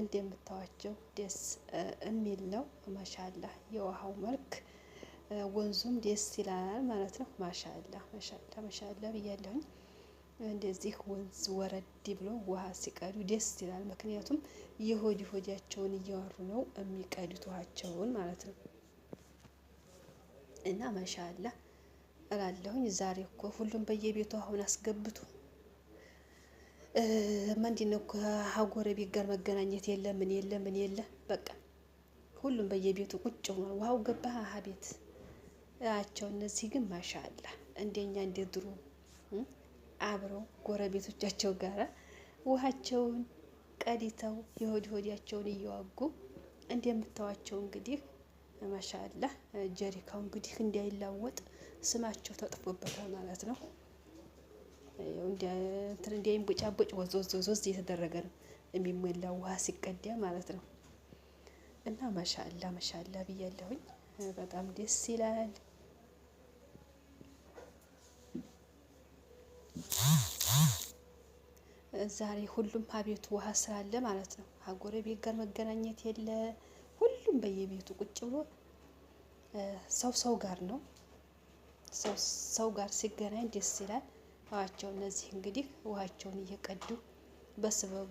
እንደምታዋቸው ደስ የሚል ነው። ማሻላ የውሃው መልክ ወንዙም ደስ ይላል ማለት ነው። ማሻላ ማሻላ ማሻላ ብያለሁኝ። እንደዚህ ወንዝ ወረድ ብሎ ውሃ ሲቀዱ ደስ ይላል። ምክንያቱም የሆድ ሆዲያቸውን እያወሩ ነው የሚቀዱት ውሃቸውን ማለት ነው። እና ማሻላ እላለሁኝ። ዛሬ እኮ ሁሉም በየቤቱ አሁን አስገብቱ። ምንድን ነው ከጎረቤት ጋር መገናኘት የለ ምን የለ ምን የለ በቃ ሁሉም በየቤቱ ቁጭ ሆኗል። ውሃው ገባ አሀ ቤት አቸው። እነዚህ ግን ማሻአላ እንደኛ እንደ ድሮ አብረው ጎረቤቶቻቸው ጋራ ውሃቸውን ቀዲተው የሆድ ሆዲያቸውን እየዋጉ እንደምታዋቸው እንግዲህ ማሻአላ ጀሪካው እንግዲህ እንዳይላወጥ ስማቸው ተጥፎበታል ማለት ነው። እንትን እንዲያይንቦጫቦጭ ወዝ ወዝ ወዝ ወዝ እየተደረገ ነው የሚሞላው ውሃ ሲቀዳ ማለት ነው። እና ማሻላ ማሻላ ብያለሁኝ። በጣም ደስ ይላል። ዛሬ ሁሉም አቤቱ ውሃ ስላለ ማለት ነው። አጎረ ቤት ጋር መገናኘት የለ ሁሉም በየቤቱ ቁጭ ብሎ ሰው ሰው ጋር ነው። ሰው ጋር ሲገናኝ ደስ ይላል። ተዋቸው። እነዚህ እንግዲህ ውሃቸውን እየቀዱ በስበቡ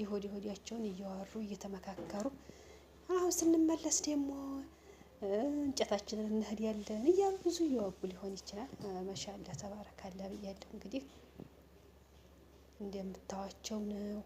ይሆድ ይሆዲያቸውን እያዋሩ እየተመካከሩ አሁን ስንመለስ ደግሞ እንጨታችንን እንህድ ያለን እያሉ ብዙ እየዋጉ ሊሆን ይችላል። መሻላ ተባረካላ ብያለሁ። እንግዲህ እንደምታዋቸው ነው።